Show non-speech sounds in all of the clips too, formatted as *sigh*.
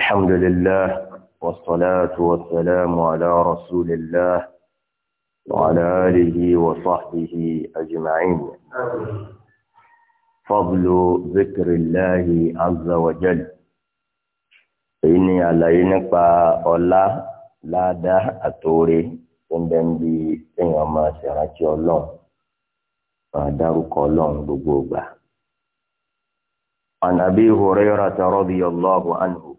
الحمد لله والصلاة والسلام على رسول الله وعلى آله وصحبه أجمعين فضل ذكر الله عز وجل إني على ينقى الله لا ده أتوري تندم بي تنعم سرعتي الله فدارك الله بقوبة عن أبي هريرة رضي الله عنه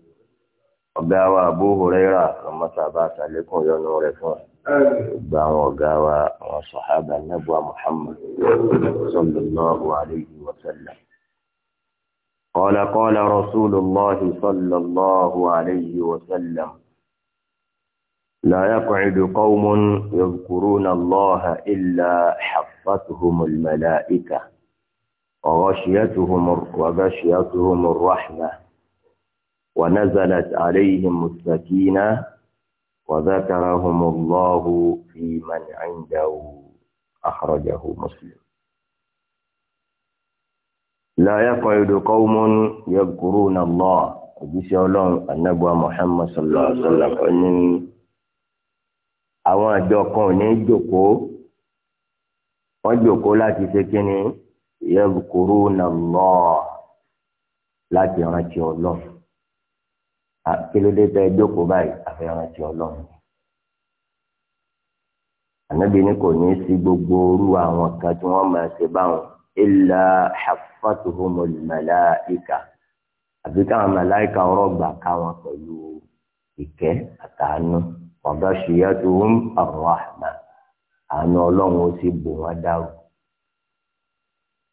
ọ̀gá wa Abu Huraira ọmọọ̀sàbà sàlékún yọnu rẹ̀ fún gbogbo àwọn ọ̀gá wa àwọn sọ̀hábà nẹ́bùà Muhammad sallallahu alayhi wa sallam. قال قال رسول الله صلى الله عليه وسلم لا يقعد قوم يذكرون الله إلا حفتهم الملائكة وغشيتهم وغشيتهم الرحمة ونزلت عليهم السكينة وذكرهم الله في من عنده أخرجه مسلم لا يقعد قوم يذكرون الله òjíṣẹ́ ọlọ́run anábọ́à Muhammad sallallahu alaihi wasallam ní àwọn àjọ kan ò ní jòkóó wọ́n jòkóó láti ṣe kí ni yadhkuruna Allah láti rántí ọlọ́run kílódé tẹ jókòó báyìí àfẹ́ràn ti ọlọ́run ànábì ni kò ní í sí gbogbo orú àwọn kan tí wọ́n máa ṣe báwọn illa haffatuhumul malaika àbí káwọn màláìka ọ̀rọ̀ gbà káwọn pẹ̀lú ìkẹ́ àtàánú ọ̀dọ́ ṣìyàtuhum arrahma àánú ọlọ́run ó sì bò wọ́n dárò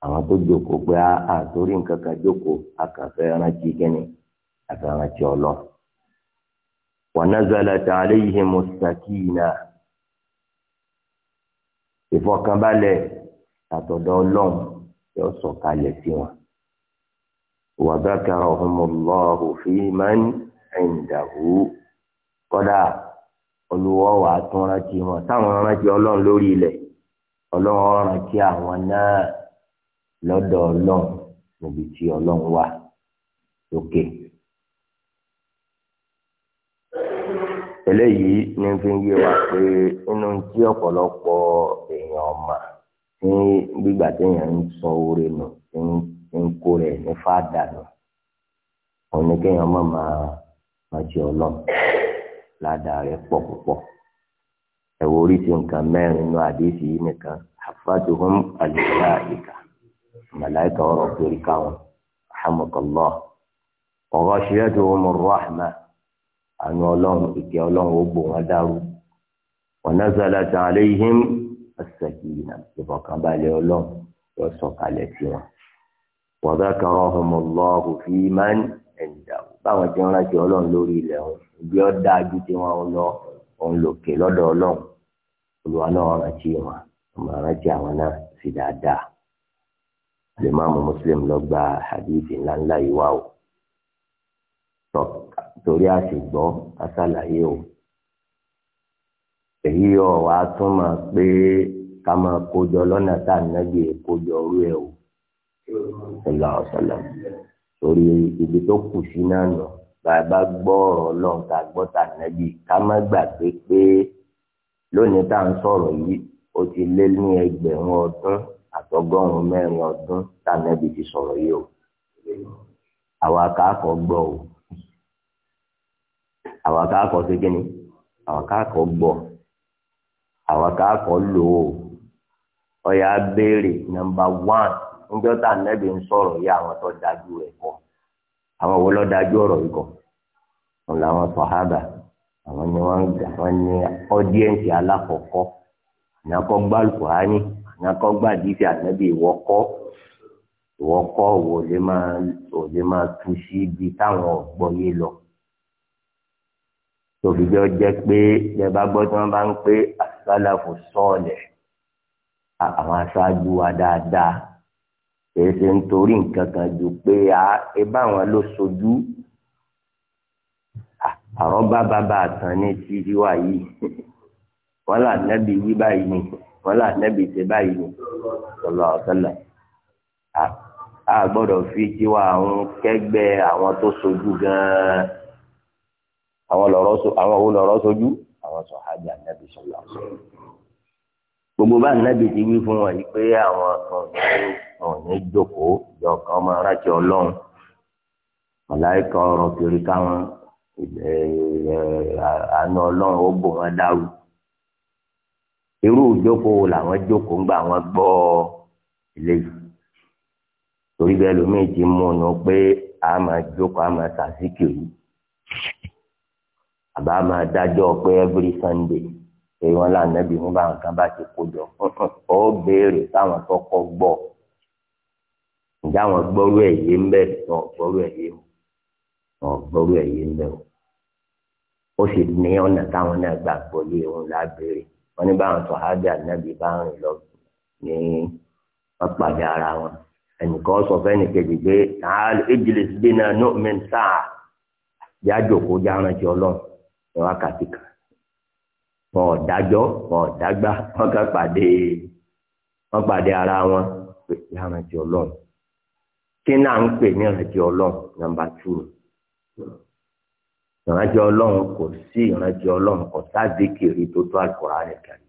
àwọn tó jókòó pé àtòrí nǹkan kan jókòó akàfẹ́ rántí kẹ́ni àfẹ̀rántí ọlọ́ wa nazalat alayhimu sakina ìfọkànbalẹ̀ àtọ̀dọ̀ ọlọ́run yóò sọ̀kalẹ̀ sí wọn wa dhakarahumullahu fi man indahu kọ́dà olùwọ́ wà á tún rántí wọn táwọn rántí ọlọ́run lórí ilẹ̀ ọlọ́run rántí àwọn náà lọ́dọ̀ ọlọ́run níbi tí ọlọ́run wà lókè. Okay. eléyìí yi fi ń yé wa pé inú tí ọ̀pọ̀lọpọ̀ èèyàn ọ̀mà tí gbígbà téèyàn ń sọ oore nù tí ń kó rẹ̀ ní fáadà nù òun ni kéèyàn má máa má jẹ ọlọ́run ládàá rẹ̀ pọ̀ púpọ̀ ẹ̀wọ̀ nǹkan mẹ́rin yìí nìkan àfáàtò fún àlùfáà màláìka ọ̀rọ̀ káwọn ọ̀rọ̀ àánú ọlọ́run ìkẹ́ ọlọ́run ó bò wọ́n dárú wa nazalat alayhim as-sakina ìfọ̀kànbalẹ̀ ọlọ́run yóò sọ̀kalẹ̀ sí wọn. wa dhakarahumullahu fi man indahu báwọn ti ń rántí ọlọ́run lórí ilẹ̀ wọn ìbí ọ́ dáa ju tí wọ́n lọ òun lòkè lọ́dọ̀ ọlọ́run olùwà náà rántí wọn ọmọ rántí àwọn náà sì dáadáa. alimami muslim ló gba hadith ńláńlá yìí torí àṣegbọ́ aṣàlàyé o èyí ọ̀ wá tún máa pé ká máa kójọ lọ́nà tá à nábì kójọ orú ẹ o ṣọlá ọ̀ṣọlá torí ibi tó kù sí náà nù bàbá gbọ́ ọ̀rọ̀ ọlọ́run ká gbọ́ tà nábì ká má gbàgbé pé lónìí tá à ń sọ̀rọ̀ yìí ó ti lé ní ẹgbẹ̀rún ọdún àtọgọ́rùn-ún mẹ́rin ọdún tá à nábì ti sọ̀rọ̀ yìí o àwa kà kọ́ gbọ́ o àwọn akáàkọ́ ṣe kí ni àwọn akáàkọ́ gbọ́ àwọn akáàkọ́ lò ó ọ̀yà béèrè nọ́mbà wán níjọ́ tá nẹ́bí ń sọ̀rọ̀ yá àwọn tó dájú rẹ̀ kọ́ àwọn wo ló dájú ọ̀rọ̀ yìí kọ́ wọn làwọn sọ̀hábà àwọn ni wọ́n gà wọ́n ní ọ́díẹ̀ǹsì alákọ̀ọ́kọ́ ànàkọ́ gbá lùkùránì ànàkọ́ gbá díìsì ànẹ́bí ìwọ́kọ́ ìwọ́kọ́ wò lè máa tù sí ibi táwọn ọ̀gbọ́n yé lọ tòbíjọ́ jẹ́ pé ẹ bá gbọ́ tí wọ́n bá ń pé àsálàfò sọ́ọ̀lẹ̀ àwọn aṣáájú wa dáadáa èyí ṣe ń torí nǹkan kan ju pé ẹ bá wọn ló sojú àwọn bá bàbá àtàn ní títí wà yìí wọn là nẹ́bi yí báyìí ni wọn là nẹ́bi ṣe báyìí ni sọlọ ọ̀sẹ̀lẹ̀ a gbọ́dọ̀ fi tiwa àwọn kẹgbẹ́ àwọn tó sojú gan àwọn lọ̀rọ̀ so àwọn sojú àwọn sọ̀hábì ànábì sọ̀lá sọ. gbogbo bá ànábì ti wí fún wọn yìí pé àwọn kan ò ní jókòó jọ kan máa rántí ọlọ́run màláìka ọ̀rọ̀ kiri káwọn àna ọlọ́run ó bò wọn dáwù irú ìjókòó làwọn jókòó ń gbà wọn gbọ́ torí bẹ́ẹ̀ lómi a máa jókòó a máa àbá máa dájọ́ pé every sunday èyí wọn là nẹ́bí mú bá nǹkan bá ti kó jọ ó béèrè táwọn tó kọ́ gbọ́ ǹjẹ́ àwọn gbọ́rú ẹ̀ yé ń bẹ̀ wọn gbọ́rú ẹ̀ yé wọn gbọ́rú ẹ̀ yé ń bẹ̀ o ó sì ní ọ̀nà táwọn náà gbà gbọ́ lé òun lábẹ́rẹ́ wọn ní báwọn tó hájà nẹ́bí bá rìn lọ ní wọn pàdé ara wọn ẹnìkan sọ fẹ́ni kejì pé àá ìjìnlẹ̀ sí dènà nóòmẹ́ntà jájòkó járanjọ lọ́hùn wákàtí kan wọn ò dájọ́ wọn ò dágbà wọn kàn pàdé wọn pàdé ara wọn pé ìrántí ọlọ́run kí náà ń pè ní ìrántí ọlọ́run nàmbà tù ìrántí ọlọ́run kò sí ìrántí ọlọ́run kò sáàdìkìrì tó tó àkùrá rẹ̀ kàrí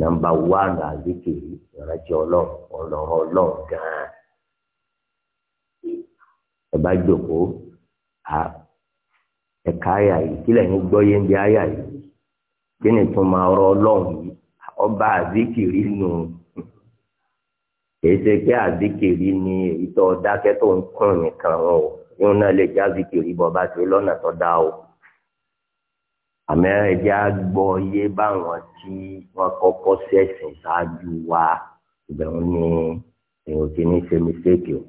nàmbà wánù àdìkìrì ìrántí ọlọ́run ọlọ́run ọlọ́run gan-an ẹ bá jókòó a ẹ̀ka àyà yìí kílẹ̀ ní gbọ́yé ń bí àyà yìí kí ni tún máa rọ ọlọ́run yìí ọba àzíkìrì nù kì í ṣe pé àzíkìrì ni ìtọ́ dákẹ́ tó ń kún nìkan o yóò náà lè já àzíkìrì bọ́ bá ṣe lọ́nà tó dá o àmọ́ ẹja gbọ́ yé báwọn tí wọ́n kọ́kọ́ ṣẹ̀sìn ṣáájú wa ìbẹ̀rù ni èèyàn ti ní ṣe mistake o.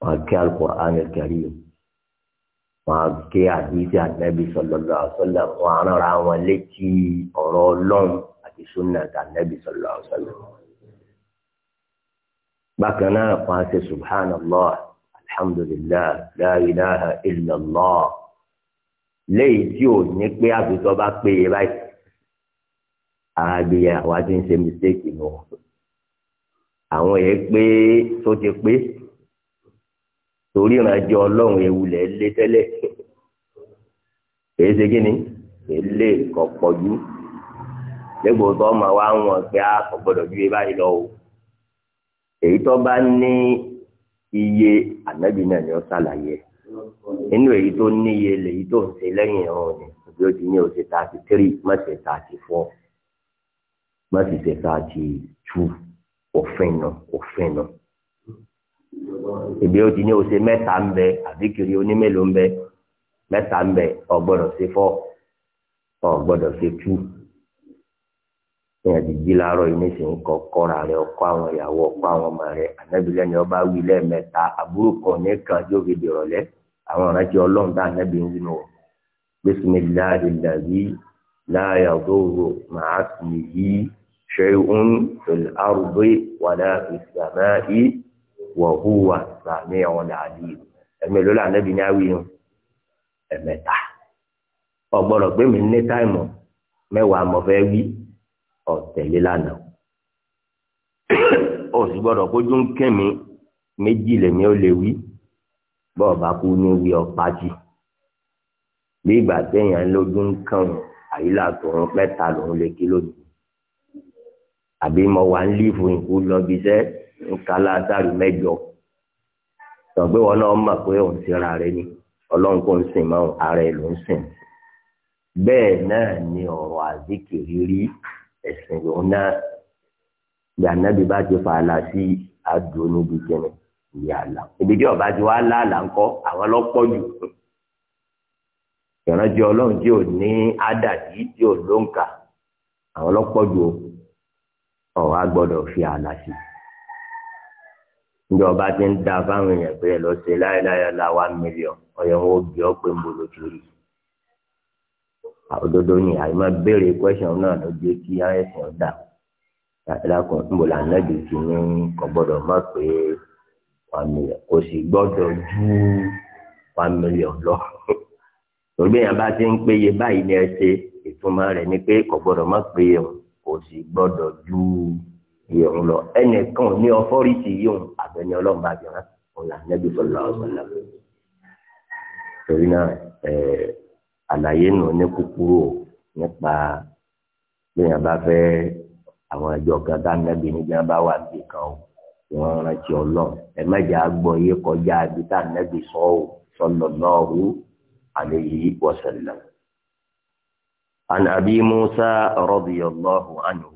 Wọ́n kí Al-Qur'an al wọn á ké àdìsí ànábì sallallahu alaihi wasallam wọn á rán wọn létí ọ̀rọ̀ Ọlọ́run àti sunna ànábì sallallahu alaihi wasallam. bákan náà wọn á ṣe subhanallah alhamdulillah la ilaha illallah léyìí tí ò ní pé àbùtọ́ bá péye báyìí àbíyá wa ti ń ṣe mistake nù àwọn èèyàn pé tó ti pé torí ìrìnàjò ọlọ́run ewu lẹ̀ lé tẹ́lẹ̀ èyí ṣe kí ni èlé kọ̀ pọ̀jù lẹ́gbọ̀n tó ọmọ wa ń wọ̀n pé a ah, kò gbọ́dọ̀ ju ibà yìí lọ o èyí tó bá ní iye ànábì náà ni ó ṣàlàyé nínú èyí tó níye lèyí tó ń ṣe lẹ́yìn ọ̀hún ni bí ó ti ní oṣù thirty three má ṣe thirty four má sì òfin náà òfin náà ìgbé ó ti ní ose mẹ́ta ń bẹ àbíkiri onímélòó ń bẹ mẹ́ta ń bẹ ọ̀gbọ́dọ̀ sí fọ́ ọ̀gbọ́dọ̀ sí tú ìyẹn ti jí láàárọ̀ yìí nísìnyí kọ kọ́ra rẹ ọkọ àwọn ìyàwó ọkọ àwọn ọmọ rẹ ànábìlẹ̀ ni ọba wí lẹ́ẹ̀mẹ́ta àbúrò kan ní kan yóò fi dèrò lẹ́ àwọn ọ̀rẹ́ tí ọlọ́run ànábì ń wínú bisimilahi ladhi la yadurru ma'a ismihi shay'un fil ardi wala fis samai wa huwa sami'un alim ẹ̀mẹ́ ló lànà bí ní awí yẹn ẹ̀mẹ́ta ọ̀gbọ́dọ̀ pé mi ní táìmù mẹ́wàá mọ̀ fẹ́ wí ọ̀tẹ̀lé lánàá ó sì gbọ́dọ̀ kójú ń kẹ́mi méjì lèmi ó lè wí bọ́ọ̀ bá kú ní wí ọ̀pá jì bí ìgbà téèyàn lójú ń kàn àyílà tòun mẹ́ta lòun lè kí lónìí àbí mo wà ń lífù ìkú lọ bí sẹ́ẹ́ nkàlà sáré mẹ́jọ tọgbẹ wọn náà mọ̀ pé òun ti ra rẹ ni Ọlọ́run kò ń sìn mọ́ ara ẹ ló ń sìn bẹ́ẹ̀ náà ni ọ̀rọ̀ àzíkiri rí ẹ̀sìn lòun náà gbànàbí bá ti fà á la sí àdó níbi kẹrin ìyàlá ibi tí ọba ti wá láàlà ńkọ àwọn lọ́pọ̀ jù ìrántí Ọlọ́run tí ò ní ádàdí tí ò lóǹkà àwọn lọ́pọ̀ jù ọ wá gbọ́dọ̀ fi àlà sí i ndé ọba ti ń da fáwọn èèyàn pé ẹ lọ sí láyéláyé la one million ọyọ wọn ò gbé ọpẹ mbolo kiri òdodo ni àyè máa béèrè question náà ló dé kí ẹsìn ọdà lákùn mbolo ànádi ti ní kò gbọ́dọ̀ má pé one million kò sì gbọ́dọ̀ ju one million lọ torí bí èèyàn bá ti ń péye báyìí ni ẹ ṣe ìtumọ̀ rẹ̀ ni pé kò gbọ́dọ̀ má pé kò sì gbọ́dọ̀ ju one ìrùn lọ ẹnìkan ní ọfọ́rìtì yóò àbẹ̀ni ọlọ́mọba àjọyọ̀ ọ̀là nẹ́bí sọ̀lá ọ̀sọ̀lá. torí náà àlàyé nù ní kúkúrú nípa bẹ́ẹ̀ bá fẹ́ àwọn ẹjọ́ kan tá nẹ́bí níbi bá wà bí kan o wọ́n rántí ọlọ́run ẹ mẹ́jà gbọ́ yé kọjá bí tá nẹ́bí sọ ọ́ sallallahu alayhi wa sallam. عن أبي موسى رضي الله عنه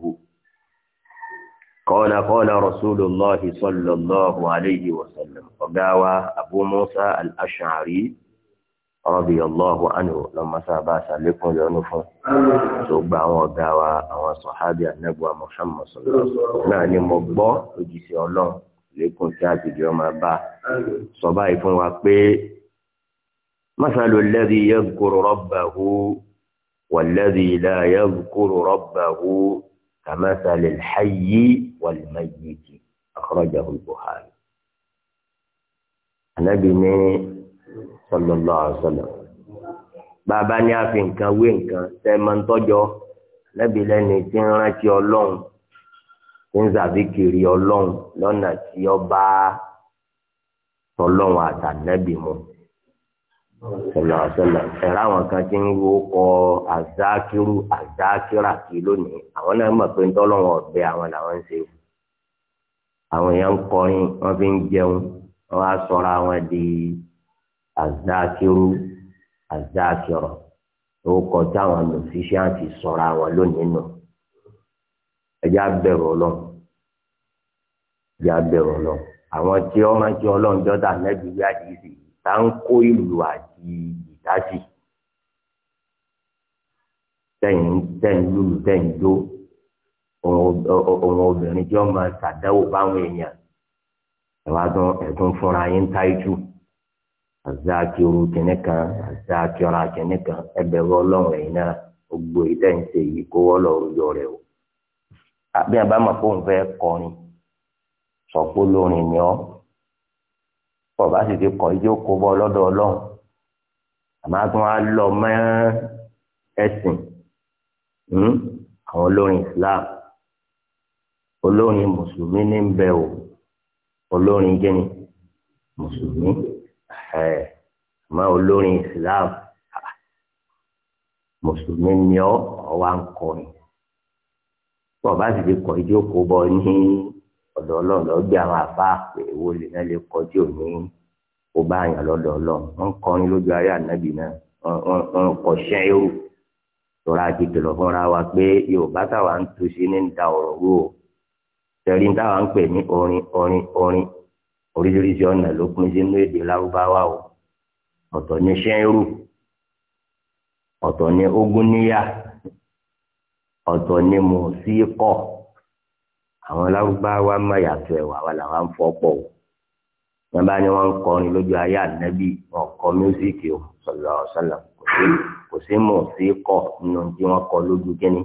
قال قال رسول الله صلى الله عليه وسلم فقاوى أبو موسى الأشعري رضي الله عنه لما سابع سالكم لأنفه سوبا وقاوى أو صحابي النبوة محمد صلى الله عليه وسلم نعني مقبو وجيسي الله لكم تاتي جوما با صبا يفون وقبي مثل الذي يذكر ربه والذي لا يذكر ربه كمثل الحي والميت أخرجه البخاري النبي صلى الله عليه وسلم bàbá ní a fi nǹkan wé nǹkan tẹ máa ń tọjọ lẹbi lẹni tí ń rántí Ọlọ́run tí ń zàbíkiri Ọlọ́run lọ́nà tí ọba Ọlọ́run àtànẹbì mu sọlá sọlá ẹ̀rọ àwọn kan ti ń wo kọ azákírú azákírà kí lónìí àwọn náà mọ̀ pé ńtọ́lọ́wọ̀n ọ̀bẹ àwọn làwọn ń ṣe àwọn èèyàn ń kọrin wọ́n fi ń jẹun wọ́n á sọra wọn di azákírú azákírọ̀ tó kọ táwọn musician ti sọra wọn lónìí nù ẹjá bẹ̀rù ọlọ́run ẹjá bẹ̀rù ọlọ́run àwọn tí ọmọ tí ọlọ́run jọ́dá nẹ́bí yá dìísì yìí tá ń kó ìlú àti ìdájì tẹ̀yìn tẹ̀yìn lùlù tẹ̀yìn jó òun obìnrin tí wọ́n máa ṣàdáwò báwọn èèyàn ẹ̀wá tán ẹ̀tún fúnra yín táìtù àzákiru kìnnì kan àzákira kìnnì kan ẹbẹ̀rún ọlọ́run ẹ̀yìn náà gbogbo ìtẹ̀yìntì yìí kó wọ́n lọ yọ rẹ̀ o àbí àbámọ̀ kó n fẹ́ kọrin sọ̀pọ̀ lórin ni ọ́ bọ̀bá sì ti kọ̀ ijó kó bọ́ lọ́dọ̀ ọlọ́run àmọ́ a tún wá lọ mọ́ ẹ̀sìn hmm, àwọn olórin Islam olórin mùsùlùmí ní ń bẹ o olórin gẹ́ni mùsùlùmí àmọ́ olórin Islam ah, mùsùlùmí ni ọ wá ń kọrin bọ̀bá sì ti kọ̀ ijó kó bọ́ ní ọ̀dọ̀ ọlọ́run lọ gbé àwọn àbá pé èwo lè náà lè kọjú òní kó bá àyàn lọ́dọ̀ ọlọ́run wọ́n ń kọrin lójú ayé ànábì náà wọ́n ń kọ ṣẹ́yìn tọ́ra ti kìlọ̀ fúnra wa pé yorùbá táwa ń tu sí ní ń da ọ̀rọ̀ wò ó tẹ̀rí táwa ń pè ní orin orin orin oríṣiríṣi ọ̀nà ló pín sínú èdè lárúbáwá o ọ̀tọ̀ ní ṣẹ́rù ọ̀tọ̀ ní ogúnníyà ọ̀tọ̀ ní mọ̀síkọ̀ àwọn lárúbáwá má yàtọ̀ ẹ̀wà wà làwọn fọ́pọ̀ o wọn bá ní wọn ń kọrin lójú ayé ànábì wọn kọ mísíkì o sọlọ sọlọ kò sí kò sí mọ̀ sí kọ nínú tí wọn kọ lójú kínní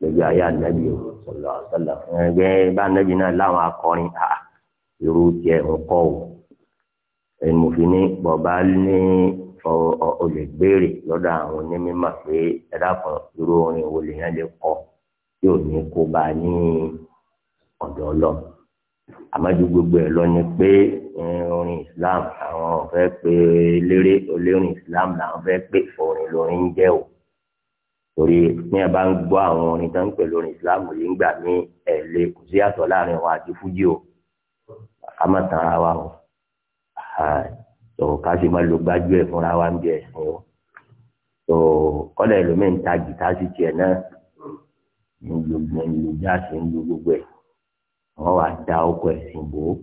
lójú ayé ànábì o sọlọ sọlọ ẹgbẹ́ bá ànábì náà láwọn akọrin a irú tiẹ̀ ń kọ o ẹnìmọ̀fin ní bọ̀bá ní olè gbére àwọn onímọ̀ pé ẹ dákun irú orin wo lèèyàn lè kọ tí ò ní kó bá ní ọ̀dọ̀ ọlọ́run àmọ́jú gbogbo ẹ̀ lọ ni pé orin islam àwọn fẹ́ pé eléré olórin islam làwọn fẹ́ pé orin lórin ń jẹ́ o torí ní ẹ bá ń gbọ́ àwọn orin tó ń pè lórin islam yìí ń gbà ní ẹ̀lẹ́ kò sí àtọ̀ láàrin wa àti fújì o ká má tan ara wa o tó ká sì má lo gbájú ẹ̀ fúnra wa ń bí ẹ̀sìn o tó kọ́lẹ̀ lómi ń ta jìtá sí tiẹ̀ náà ń lu jáàsì ń lu gbogbo ẹ̀ àwọn wàá da ọkọ̀ ẹ̀sìn bò ó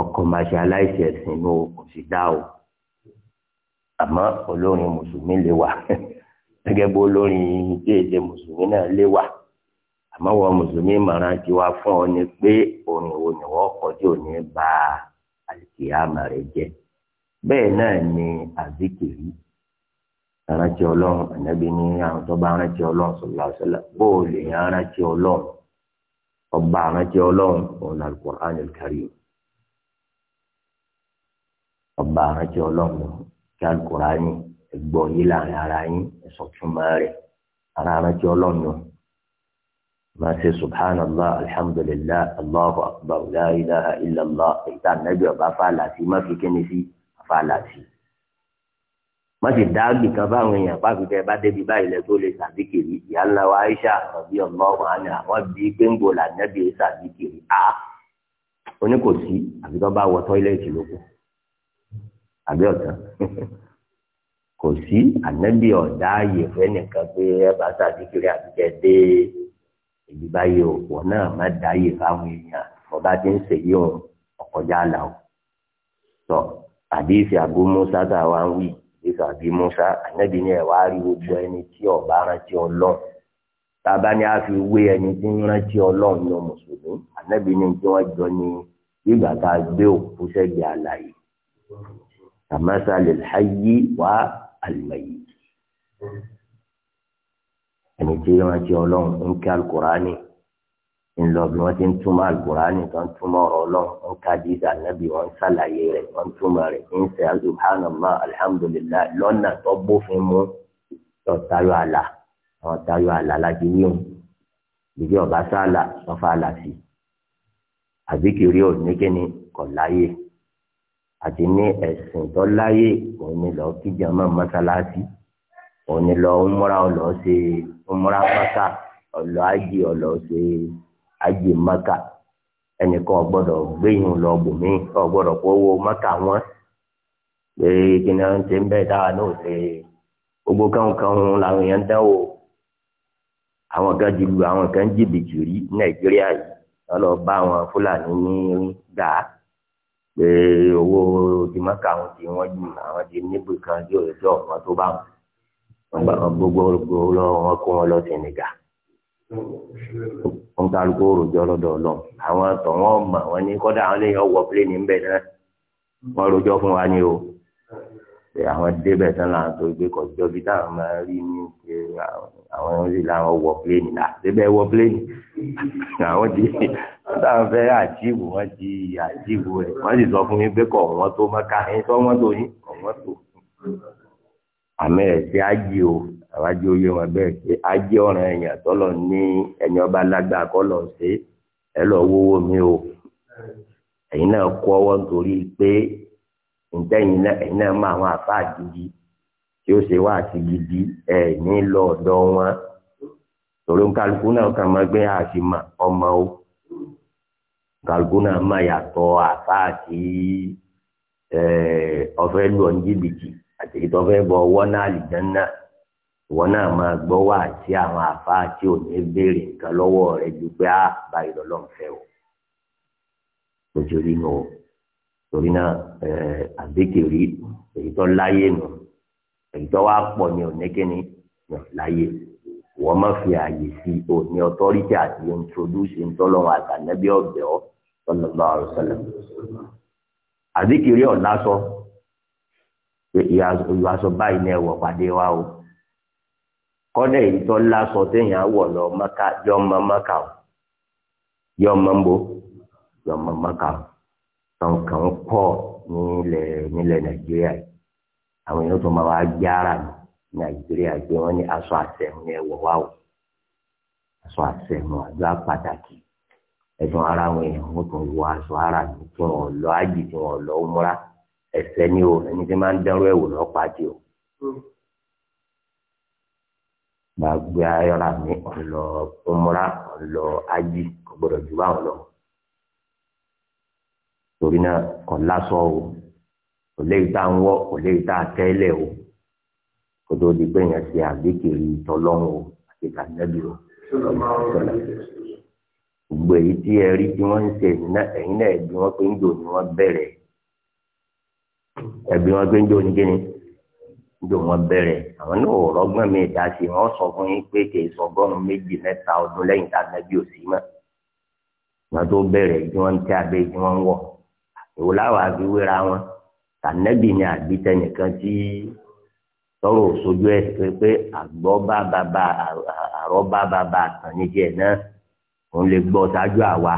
ọkọ̀ commercialize ẹ̀sìn ní o kò sì dá o àmọ́ olórin mùsùlùmí lè wà *laughs* gẹ́gẹ́ bó olórin déédé mùsùlùmí náà lè wà àmọ́ wọ mùsùlùmí màrán ti wá fún ọ ni pé orin wo ni wọ́n kọ tí ò ní ba àlìkìyàmà rẹ jẹ́ bẹ́ẹ̀ náà ni àzíkìrì rántí ọlọ́run ànábì ní àwọn tó bá rántí ọlọ́run sọlá sọlá bó o lè rántí ọlọ́run ọba àrántí ọlọ́run òun náà alukur'an karim ọba àrántí ọlọ́run kí alukur'an ẹgbọ́ yìí láàrin ara yín ẹ̀sọ̀túnmọ́ rẹ̀ ara àrántí ọlọ́run máa ṣe subhanallah alhamdulillah allahu akbar la ilaha illallah ìta nàbí ọba fàlàsì má fi kíni sí fàlàsì má sì dá gbìkan fáwọn èèyàn pàfikẹ́ bá débi báyìí lẹ tó lè sàdíkìrì ìyá wa Aisha àbí ọmọ ọmọọmọ àwọn bíi péńgò làǹdẹ́bí sàdíkìrì á oní kò sí àbí tó bá wọ tọ́ílẹ̀tì lóko àbí ọ̀tán *laughs* kò sí ànábì ọ̀dá ayẹ̀fẹ́ nìkan pé ẹ bá sàdíkìrì àti kẹ dé èyí báyìí òpó náà má dá ayè fáwọn èèyàn ọba ti ń ṣèyí ọkọjá àlà ò sọ àdéhìí àbúmọ́sátà wa ń wí isa àbí musa ànábì ni ẹ wá rí gbogbo ẹni tí ọba rántí Ọlọ́run tába ni a fi wé ẹni tí ń rántí Ọlọ́run ní mùsùlùmí ànábì ni tí wọn jọ ní ìgbà tá a gbé òkú sẹgbẹ àlàyé tàmásà lè háyí wá àlùmọyì ẹni tí rántí Ọlọ́run ń kí alukurani ńlọbi wọn ti ń túmọ̀ alukurani kan túmọ̀ ọ̀rọ̀ Ọlọ́run ń ka dídà nàbí wọn ṣàlàyé rẹ̀ wọn túmọ̀ rẹ̀ ń sẹ subhanallah alhamdulilayi lọ́nà tó bófin mu tó tayọ àlà àwọn tayọ àlà láti yíwọn ìdí ọba sàlà sọfà àlà sí àbíkiri ò ní kíni kọ láyé àti ní ẹ̀sìn tó láyé òun ni lọ kíjà mọ́ mọ́sálásí òun ni lọ ń múra ọ ṣe ń múra pátá ọlọ ájì hajj maka ẹnìkan ọgbọdọ gbẹ̀yìn lọ bùnmí ọgbọ́dọ̀ kówó maka wọn pé kí ni wọn ti ń bẹ dáa náà ṣe gbogbo kánkánhun làwọn èèyàn dánwò àwọn kan ti àwọn kan jìbìtì rí nàìjíríà yìí wọn lọ bá àwọn fúlàní ní maka àwọn ti wọn jù àwọn ti níbi kan tí òòjọ wọn tó gbogbo lọ wọn kó wọn lọ wọn kálukú rojọ́ lọ́dọ̀ lọ àwọn tọ̀ wọ́n mọ̀ ní kọ́dà àwọn lèèyàn wọ pílẹ̀nì ń bẹ̀ náà wọ́n rojọ́ fún wa ní o àwọn débẹ̀ tán là ń tó gbé kọjọ́ bí táwọn máa rí ní ṣe àwọn ohun sì láwọn wọ pílẹ̀nì là débẹ̀ wọ pílẹ̀nì àwọn ti wọ́n táwọn fẹ́ àjíìbù wọ́n ti àjíìbù ẹ̀ wọ́n sì sọ fún mi pé kọ̀ wọ́n tó mọ́ká ẹ̀ sọ wọ́n tó yín kọ̀ wọ́n tó. àmì ẹ̀sẹ̀ ájì o àwájú oyè wọn bẹ́ẹ̀ ṣe ájì ọ̀ràn ẹ̀yàn ní ẹni ọba lọ sí ẹ lọ mi o ẹ̀yin náà kó nítorí pé ǹjẹ́ ẹ̀yin náà mọ àwọn tí ó ṣe wá àti gidi ní wọn torí kálukú ọmọ o kálukú náà máa àti ìtọ́fẹ́ bọ̀ ọwọ́ náà àlìjánná ìwọ náà máa gbọ́ wá sí àwọn àfa tí ò béèrè nǹkan lọ́wọ́ rẹ ju pé á bá ìrọ̀lọ́n fẹ́ o lójúrí nù o torí náà àbíkèrí èyí tó láyé nù èyí tó wá pọ̀ ní ònékéni nù láyé wọ́n má fi àyè sí òní ọtọ́rìtì àti introduce ntọ́lọ́run àtànẹ́bí ọ̀bẹ̀ ọ́ sallallahu alaihi wasallam àbíkèrí ọ̀ ìyàsọ báyìí ní ẹwọ pàdé wa o kọ́dà èyí tó lásọ téèyàn wọ̀ lọ mọ́ká yọ ọmọ mọ́ká o yọ ọmọ mbó yọ ọmọ mọ́ká o kankan pọ̀ nílẹ̀ nílẹ̀ nàìjíríà àwọn èèyàn tó máa wá jára ní nàìjíríà gbé wọn ní aṣọ àṣẹ̀hùn ẹ̀wọ̀ wa o aṣọ àṣẹ̀hùn àjọ pàtàkì ẹ̀dùn ara àwọn èèyàn wọn tó wọ aṣọ ara ní tí wọn lọ ájì tí wọn lọ múra ẹsẹ ni o ẹni tí máa ń dẹrù ẹwò lọ pàdé o gbàgbé hmm. ayọ̀ra mi ọ̀nà ọmọra ọ̀nà ají kò gbọdọ̀ jù báwọn lọ torí náà kò lásọ o kò léyìí tá à ń wọ kò léyìí tá à tẹ́lẹ̀ o kò tó di pé yẹn ṣe àgbékiri tọlọ́run o àti tàbí o gbogbo èyí tí ẹ rí tí wọ́n ń ṣe ẹ̀yìn náà ẹ̀yìn náà ẹ̀dùn wọn pé ń dò ní wọ́n bẹ̀rẹ̀. ẹbí wọn gbé ń jó ní kíni ń jó wọn bẹ̀rẹ̀ àwọn náà ò rọgbọ́n mi dá sí wọn sọ fún yín pé kì í sọgọ́rùn méjì ọdún tá a òsì wọn tó bẹ̀rẹ̀ tí wọ́n ń tẹ́ abẹ́ tí wọ́n èwo láwàá fi wéra wọn ni tí tọrọ ẹ pé pé bá bá níjẹ náà òun lè ṣáájú àwa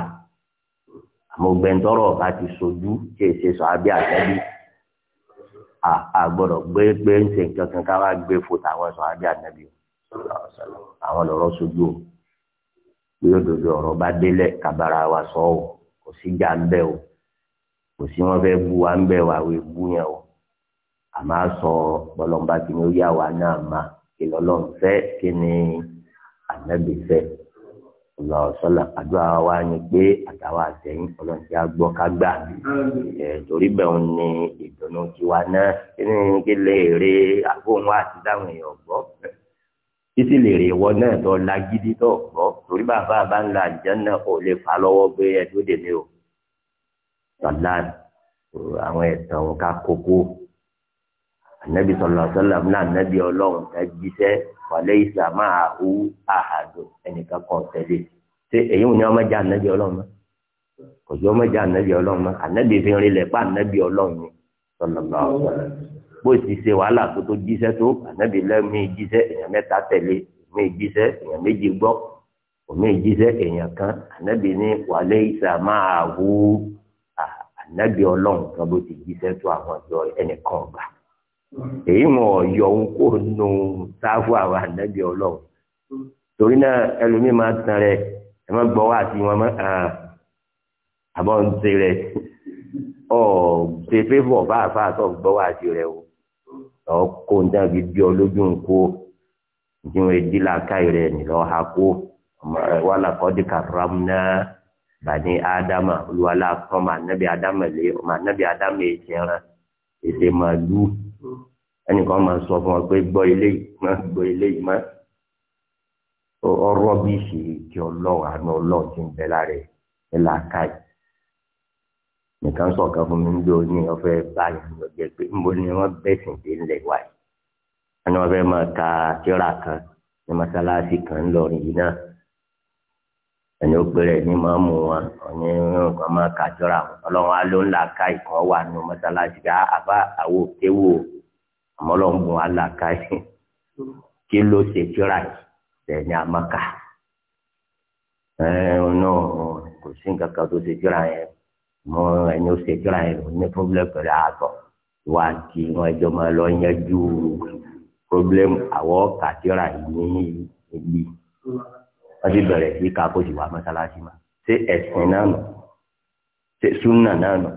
bá ti ṣojú soju èsè sọ abẹ́ a gbọ́dọ̀ gbé gbé ń ṣe nǹkan kan ká wá gbé fòtà àwọn ẹ̀sọ́ ajé ànábì àwọn lọ́rọ́ sojú o pé òdòdó ọ̀rọ̀ bá délẹ̀ kábàárà wa sọ o kò sí jà ń bẹ́ o kò sí wọn fẹ́ bu wa ń bẹ́ wa wí bú yẹn o àmọ́ sọ bọ́lọ́mbà kí ni ó yá wa náà má kí lọ́lọ́run fẹ́ kí ni ànábì fẹ́ ọlọ́ọ̀sọ́lá àdúrà wa ni pé àtàwọn àtẹ̀yìn ọlọ́ọ̀tí àgbọ̀ ká gbà torí bẹ́ẹ̀ ń ní ìdùnnú tiwa náà kí ni kí lè rí àbóhùn àti dáhùn èèyàn gbọ́ títí lè rí ìwọ náà tó lágídí tó gbọ́ torí bàbá bá ń la àjẹ́nà kò lè fà lọ́wọ́ gbé ẹdúdèmí o. àwọn ẹ̀sán ká kókó anabi sallallahu alaihi wasallam náà anabi ọlọ́run ká jíṣẹ́ wàlẹ́ ìsà máa hu àhàdù ẹnìkan kan tẹ̀lé ṣé èyí ò ní ọmọ jẹ́ anabi ọlọ́run náà kò sí ọmọ jẹ́ anabi ọlọ́run náà anabi fi rinlẹ̀ pa anabi ọlọ́run ni sallallahu alaihi wasallam bó ti ṣe wàhálà tó tó jíṣẹ́ tó anabi lẹ́mí jíṣẹ́ mi jíṣẹ́ èèyàn méjì gbọ́ omi jíṣẹ́ èèyàn kan anabi ní wàlẹ́ ìsà máa anabi ọlọ́run kan bó ti jíṣẹ́ tó àwọn ọjọ́ ẹnìkan ọgbà èyí wọn ọ̀yọ́ ń kó nu sáfù àwọn ànábì ọlọ́run torí náà ẹlòmíì máa tán rẹ ẹ má gbọ́ wá sí wọn àbọ̀ ń ṣe rẹ ọ̀ ṣe fẹ́fọ̀ bá àfa àtọ̀ gbọ́ wá sí rẹ o ọ̀ kó ń dábì bí ọlójú ń kó ìdíwọ̀n èdè làákàyè rẹ nìlọ́ ha kó ọmọ rẹ wà lákọ́dí kàrámù náà bani adama olùwàlà kan ọmọ ànábì adama lé ọmọ ànábì adama èsì ẹran èsì màlúù ẹnìkan máa sọ fún wọn pé gbọ́ ilé yìí má gbọ́ ilé yìí má ọ̀rọ̀ bíi ṣì kí ọlọ́run àánú ọlọ́run ti ń bẹ lára ẹ làákàyè nìkan sọ̀kan fún mi ń lò ní ọ̀fẹ́ báyìí ló jẹ́ pé ń bo ni wọ́n bẹ̀sìn dé ńlẹ̀ wáyé ẹni wọ́n fẹ́ máa ka tíra kan ní mọ́sálásí kan ńlọrin yìí náà ẹni ó pèrè ní máa mú wọn ọ̀ní nǹkan máa ka tíra ọlọ́run á ló ń làákàyè kan wà ní mọ́sálásí ká àbá àwòkéwò àmọ́ lọ́n gun alaka yìí kí ló ṣe kíra yìí lẹ́yìn amaka ẹ ọ̀nà kò sí nǹkan kan tó ṣe kíra yẹn mọ ẹni ó ṣe kíra yẹn ò ní problem pẹ̀lú àtọ̀ wá kí wọn ẹjọ́ máa lọ yanjú problem àwọ̀ kàtíra yìí ní ibi wọ́n ti bẹ̀rẹ̀ sí kakó sì wá mọ́sálásí ma ṣé ẹ̀sìn náà nù ṣé súnà náà nù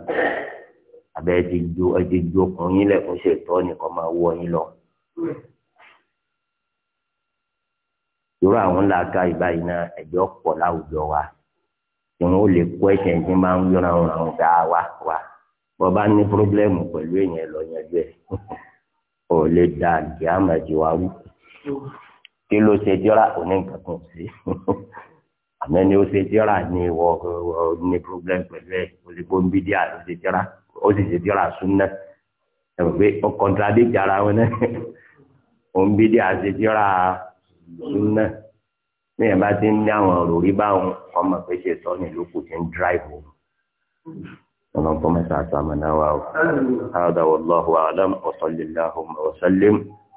abẹ́ ti ju ẹtì ju ọkùnrin yín lẹ́kùn ṣe tọ́ nìkan máa wọ yín lọ. irú àwọn ńlá ká ìbáyìí náà ẹ̀jọ́ pọ̀ láwùjọ wa tí wọ́n lè kó ẹ̀ṣẹ̀ tí máa ń yọra wọn àwọn ọ̀gá wa wa bọ́ bá ní pírọ́blẹ́mù pẹ̀lú èèyàn lọ yanjú ẹ̀ *laughs* ò lè da àdìámà jù wá wú kí ló ṣe jọ́ra òní nǹkan kan sí *laughs* àmọ́ ni ó ṣe jọ́ra ní ìwọ ní pírọ́blẹ́mù pẹ̀lú ẹ̀ olùkó ń bí díà ló ṣe jọ́ra ó sì ṣe tíra súnná ẹ̀rọ pé ó kọ́ńtàdéjì ara wọn náà òun bí dí àṣẹ tíra súnná bẹ́ẹ̀ bá ti ń ní àwọn òròrí báwọn ọmọ pé ṣe sọ ní lóko ti ń dráìbù اللهم صل على سيدنا هذا والله اعلم وصلى اللهم وسلم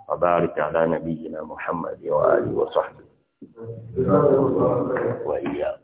وبارك على نبينا محمد واله وصحبه واياك